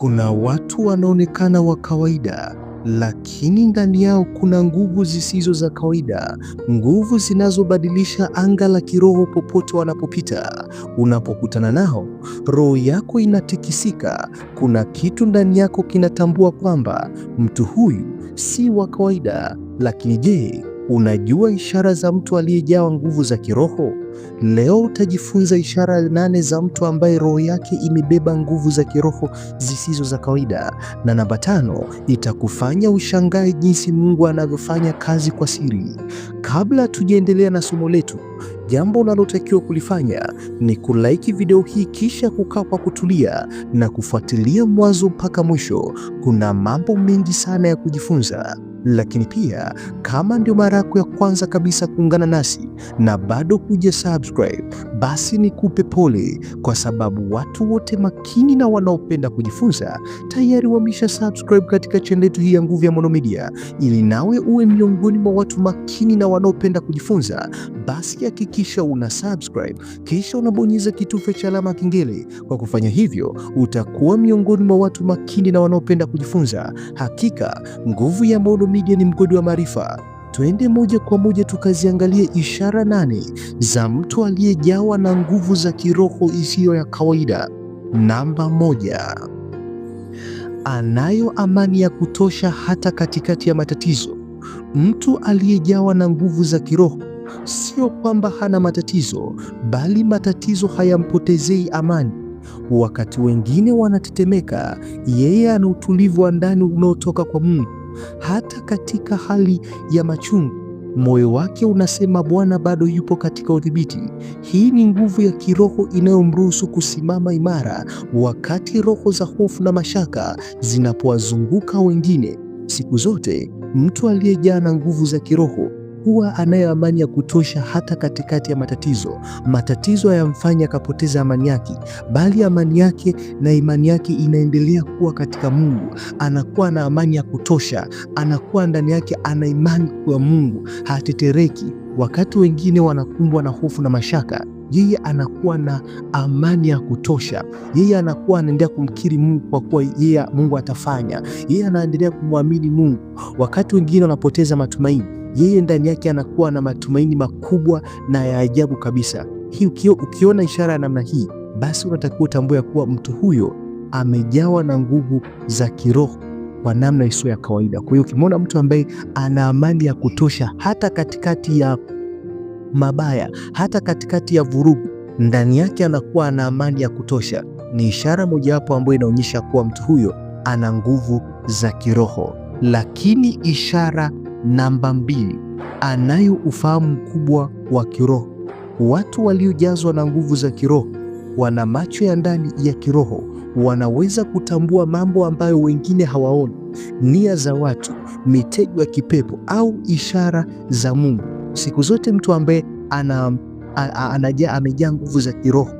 Kuna watu wanaonekana wa kawaida, lakini ndani yao kuna nguvu zisizo za kawaida, nguvu zinazobadilisha anga la kiroho popote wanapopita. Unapokutana nao, roho yako inatikisika. Kuna kitu ndani yako kinatambua kwamba mtu huyu si wa kawaida. Lakini je, unajua ishara za mtu aliyejawa nguvu za kiroho? Leo utajifunza ishara nane za mtu ambaye roho yake imebeba nguvu za kiroho zisizo za kawaida. Na namba tano, itakufanya ushangae jinsi Mungu anavyofanya kazi kwa siri. Kabla tujaendelea na somo letu, jambo unalotakiwa kulifanya ni kulaiki video hii kisha kukaa kwa kutulia na kufuatilia mwanzo mpaka mwisho. Kuna mambo mengi sana ya kujifunza. Lakini pia kama ndio mara yako ya kwanza kabisa kuungana nasi na bado huja subscribe, basi kupe pole, kwa sababu watu wote makini na wanaopenda kujifunza tayari wamesha subscribe katika channel yetu hii ya Nguvu ya Maono Media. Ili nawe uwe miongoni mwa watu makini na wanaopenda kujifunza, basi hakikisha una subscribe, kisha unabonyeza kitufe cha alama kengele. Kwa kufanya hivyo, utakuwa miongoni mwa watu makini na wanaopenda kujifunza. Hakika Nguvu ya Maono media ni mgodi wa maarifa. Tuende moja kwa moja tukaziangalie ishara nane za mtu aliyejawa na nguvu za kiroho isiyo ya kawaida. Namba moja, anayo amani ya kutosha hata katikati ya matatizo. Mtu aliyejawa na nguvu za kiroho sio kwamba hana matatizo, bali matatizo hayampotezei amani. Wakati wengine wanatetemeka, yeye ana utulivu wa ndani unaotoka kwa Mungu hata katika hali ya machungu moyo wake unasema Bwana bado yupo katika udhibiti. Hii ni nguvu ya kiroho inayomruhusu kusimama imara wakati roho za hofu na mashaka zinapowazunguka wengine. Siku zote mtu aliyejaa na nguvu za kiroho huwa anayo amani ya kutosha hata katikati ya matatizo. Matatizo hayamfanyi akapoteza amani yake, bali amani yake na imani yake inaendelea kuwa katika Mungu. Anakuwa na amani ya kutosha, anakuwa ndani yake, ana imani kwa Mungu, hatetereki. Wakati wengine wanakumbwa na hofu na mashaka yeye anakuwa na amani ya kutosha. Yeye anakuwa anaendelea kumkiri Mungu kwa kuwa yeye Mungu atafanya. Yeye anaendelea kumwamini Mungu. Wakati wengine wanapoteza matumaini yeye ndani yake anakuwa na matumaini makubwa na ya ajabu kabisa. Hii ukio, ukiona ishara ya namna hii, basi unatakiwa utambue ya kuwa mtu huyo amejawa na nguvu za kiroho kwa namna isiyo ya kawaida. Kwa hiyo ukimwona mtu ambaye ana amani ya kutosha hata katikati ya mabaya, hata katikati ya vurugu, ndani yake anakuwa ana amani ya kutosha, ni ishara mojawapo ambayo inaonyesha kuwa mtu huyo ana nguvu za kiroho. Lakini ishara Namba mbili, anayo ufahamu mkubwa wa kiroho. Watu waliojazwa na nguvu za kiroho wana macho ya ndani ya kiroho, wanaweza kutambua mambo ambayo wengine hawaoni, nia za watu, mitego ya kipepo au ishara za Mungu. Siku zote mtu ambaye ana, anaja amejaa nguvu za kiroho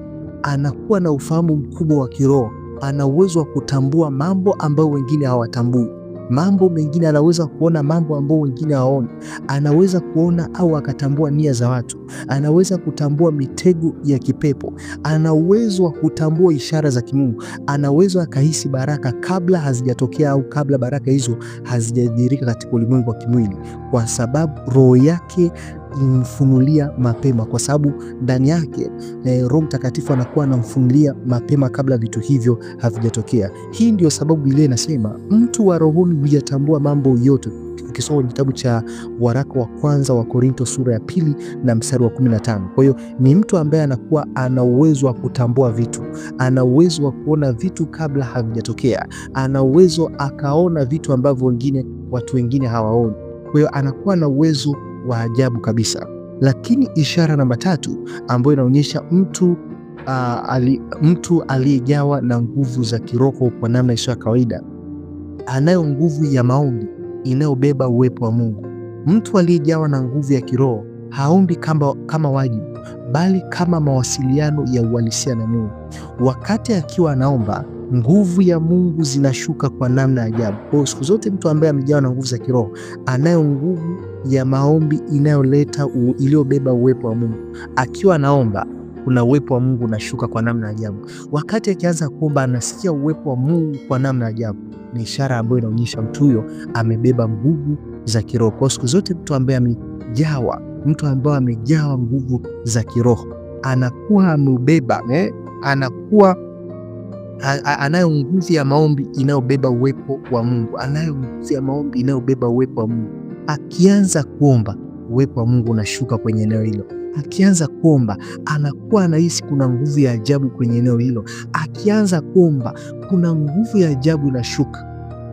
anakuwa na ufahamu mkubwa wa kiroho, ana uwezo wa kutambua mambo ambayo wengine hawatambui mambo mengine, anaweza kuona mambo ambayo wengine hawaoni, anaweza kuona au akatambua nia za watu, anaweza kutambua mitego ya kipepo, ana uwezo wa kutambua ishara za kimungu, ana uwezo akahisi baraka kabla hazijatokea au kabla baraka hizo hazijadhihirika katika ulimwengu wa kimwili, kwa sababu roho yake kumfunulia mapema, kwa sababu ndani yake eh, Roho Mtakatifu anakuwa anamfunulia mapema kabla vitu hivyo havijatokea. Hii ndio sababu ile inasema mtu wa rohoni huyatambua mambo yote. Ukisoma kwenye kitabu cha waraka wa kwanza wa Korinto sura ya pili na mstari wa 15. Kwa hiyo ni mtu ambaye anakuwa ana uwezo wa kutambua vitu, ana uwezo wa kuona vitu kabla havijatokea, ana uwezo akaona vitu ambavyo wengine watu wengine hawaoni. Kwa hiyo anakuwa na uwezo wa ajabu kabisa. Lakini ishara namba tatu ambayo inaonyesha mtu uh, ali, mtu aliyejawa na nguvu za kiroho kwa namna isiyo ya kawaida, anayo nguvu ya maombi inayobeba uwepo wa Mungu. Mtu aliyejawa na nguvu ya kiroho haombi kama, kama wajibu, bali kama mawasiliano ya uhalisia na Mungu. Wakati akiwa anaomba, nguvu ya Mungu zinashuka kwa namna ajabu. Kwa siku zote mtu ambaye amejawa na nguvu za kiroho anayo nguvu ya maombi inayoleta iliyobeba uwepo wa Mungu. Akiwa anaomba kuna uwepo wa Mungu unashuka kwa namna ajabu. Wakati akianza kuomba, anasikia uwepo wa Mungu kwa namna ajabu. Ni ishara ambayo inaonyesha mtu huyo amebeba nguvu za kiroho. Kwa siku zote mtu ambaye amejawa mtu ambaye amejawa nguvu za kiroho anakuwa ameubeba eh, anakuwa anayo nguvu ya maombi inayobeba uwepo wa Mungu, anayo nguvu ya maombi inayobeba uwepo wa Mungu. Akianza kuomba uwepo wa Mungu unashuka kwenye eneo hilo. Akianza kuomba anakuwa anahisi kuna nguvu ya ajabu kwenye eneo hilo. Akianza kuomba kuna nguvu ya ajabu inashuka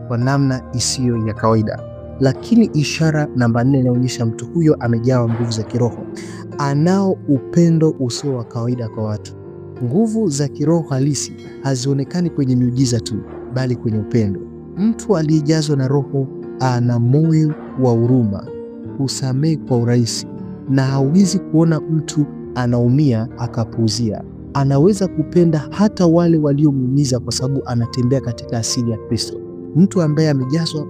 kwa namna isiyo ya kawaida. Lakini ishara namba nne inaonyesha mtu huyo amejawa nguvu za kiroho, anao upendo usio wa kawaida kwa watu. Nguvu za kiroho halisi hazionekani kwenye miujiza tu, bali kwenye upendo. Mtu aliyejazwa na Roho ana moyo wa huruma, husamehe kwa urahisi, na hawezi kuona mtu anaumia akapuuzia. Anaweza kupenda hata wale waliomuumiza, kwa sababu anatembea katika asili ya Kristo. Mtu ambaye amejazwa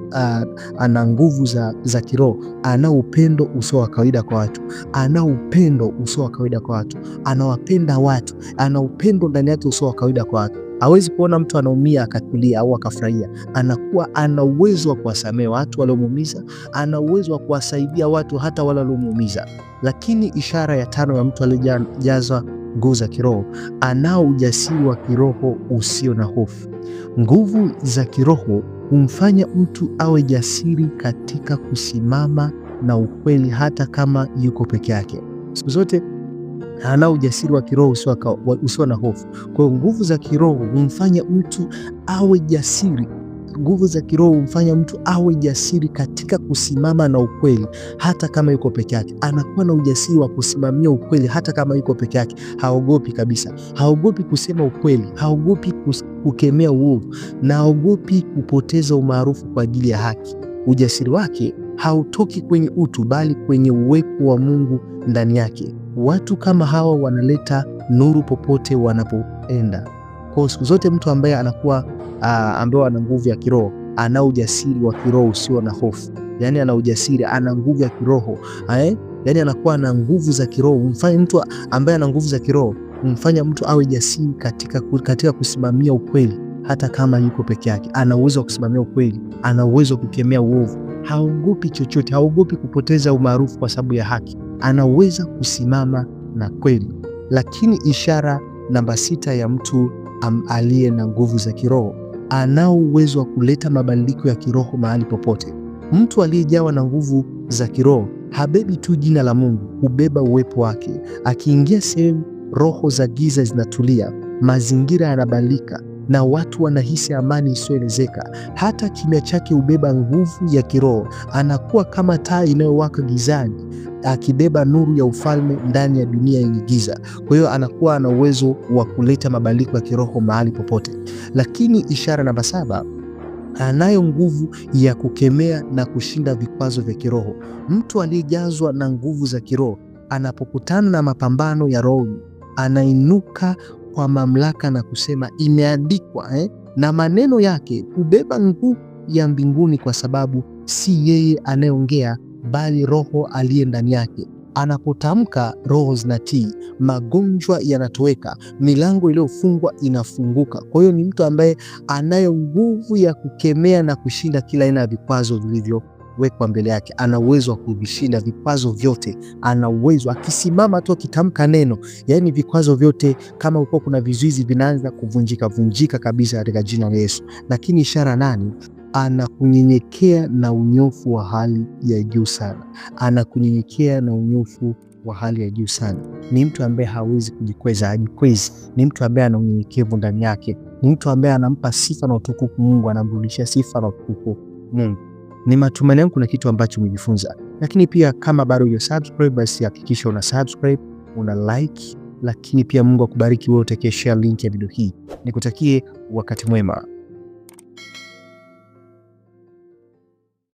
ana nguvu za, za kiroho, ana upendo usio wa kawaida kwa watu, ana upendo usio wa kawaida kwa watu, anawapenda watu, ana upendo ndani yake usio wa kawaida kwa watu. Hawezi kuona mtu anaumia akatulia au akafurahia. Anakuwa ana uwezo wa kuwasamehe watu waliomuumiza, ana uwezo wa kuwasaidia watu hata wale waliomuumiza. Lakini ishara ya tano ya mtu aliyejazwa nguvu za kiroho, anao ujasiri wa kiroho usio na hofu. Nguvu za kiroho humfanya mtu awe jasiri katika kusimama na ukweli, hata kama yuko peke yake. Siku zote anao ujasiri wa kiroho usio na hofu. Kwa hiyo nguvu za kiroho humfanya mtu awe jasiri nguvu za kiroho humfanya mtu awe jasiri katika kusimama na ukweli, hata kama yuko peke yake. Anakuwa na ujasiri wa kusimamia ukweli, hata kama yuko peke yake. Haogopi kabisa, haogopi kusema ukweli, haogopi kukemea uovu, na haogopi kupoteza umaarufu kwa ajili ya haki. Ujasiri wake hautoki kwenye utu, bali kwenye uwepo wa Mungu ndani yake. Watu kama hawa wanaleta nuru popote wanapoenda. Kwa siku zote mtu ambaye anakuwa Ah, ambao ana nguvu ya kiroho, ana ujasiri wa kiroho usio na hofu. Yani ana ujasiri, ana nguvu ya kiroho ah, eh? Yani anakuwa na nguvu za kiroho, mfanya mtu ambaye ana nguvu za kiroho umfanya mtu awe jasiri katika, katika kusimamia ukweli hata kama yuko peke yake, ana uwezo wa kusimamia ukweli, ana uwezo wa kukemea uovu, haogopi chochote, haogopi kupoteza umaarufu kwa sababu ya haki, anaweza kusimama na kweli. Lakini ishara namba sita ya mtu aliye na nguvu za kiroho anao uwezo wa kuleta mabadiliko ya kiroho mahali popote. Mtu aliyejawa na nguvu za kiroho habebi tu jina la Mungu, hubeba uwepo wake. Akiingia sehemu, roho za giza zinatulia, mazingira yanabadilika na watu wanahisi amani isiyoelezeka. Hata kimya chake hubeba nguvu ya kiroho. Anakuwa kama taa inayowaka gizani akibeba nuru ya ufalme ndani ya dunia yenye giza. Kwa hiyo anakuwa ana uwezo wa kuleta mabadiliko ya kiroho mahali popote. Lakini ishara namba saba anayo nguvu ya kukemea na kushinda vikwazo vya kiroho. Mtu aliyejazwa na nguvu za kiroho anapokutana na mapambano ya roho anainuka kwa mamlaka na kusema imeandikwa, eh? na maneno yake hubeba nguvu ya mbinguni, kwa sababu si yeye anayeongea bali Roho aliye ndani yake. Anapotamka, roho zinatii, magonjwa yanatoweka, milango iliyofungwa inafunguka. Kwa hiyo ni mtu ambaye anayo nguvu ya kukemea na kushinda kila aina ya vikwazo vilivyowekwa mbele yake. Ana uwezo wa kuvishinda vikwazo vyote, ana uwezo akisimama tu, akitamka neno, yaani vikwazo vyote, kama uko kuna vizuizi, vinaanza kuvunjika vunjika kabisa katika jina la Yesu. Lakini ishara nani? anakunyenyekea na unyofu wa hali ya juu sana, anakunyenyekea na unyofu wa hali ya juu sana. Ni mtu ambaye hawezi kujikweza, ajikwezi. Ni mtu ambaye ana unyenyekevu ndani yake. Ni mtu ambaye anampa sifa na utukufu Mungu, anamrudishia sifa na utukufu Mungu. Ni matumaini yangu kuna kitu ambacho umejifunza, lakini pia kama bado hujasubscribe, basi hakikisha una subscribe, una like, lakini pia Mungu akubariki wewe utakayeshare link ya video hii. Nikutakie wakati mwema.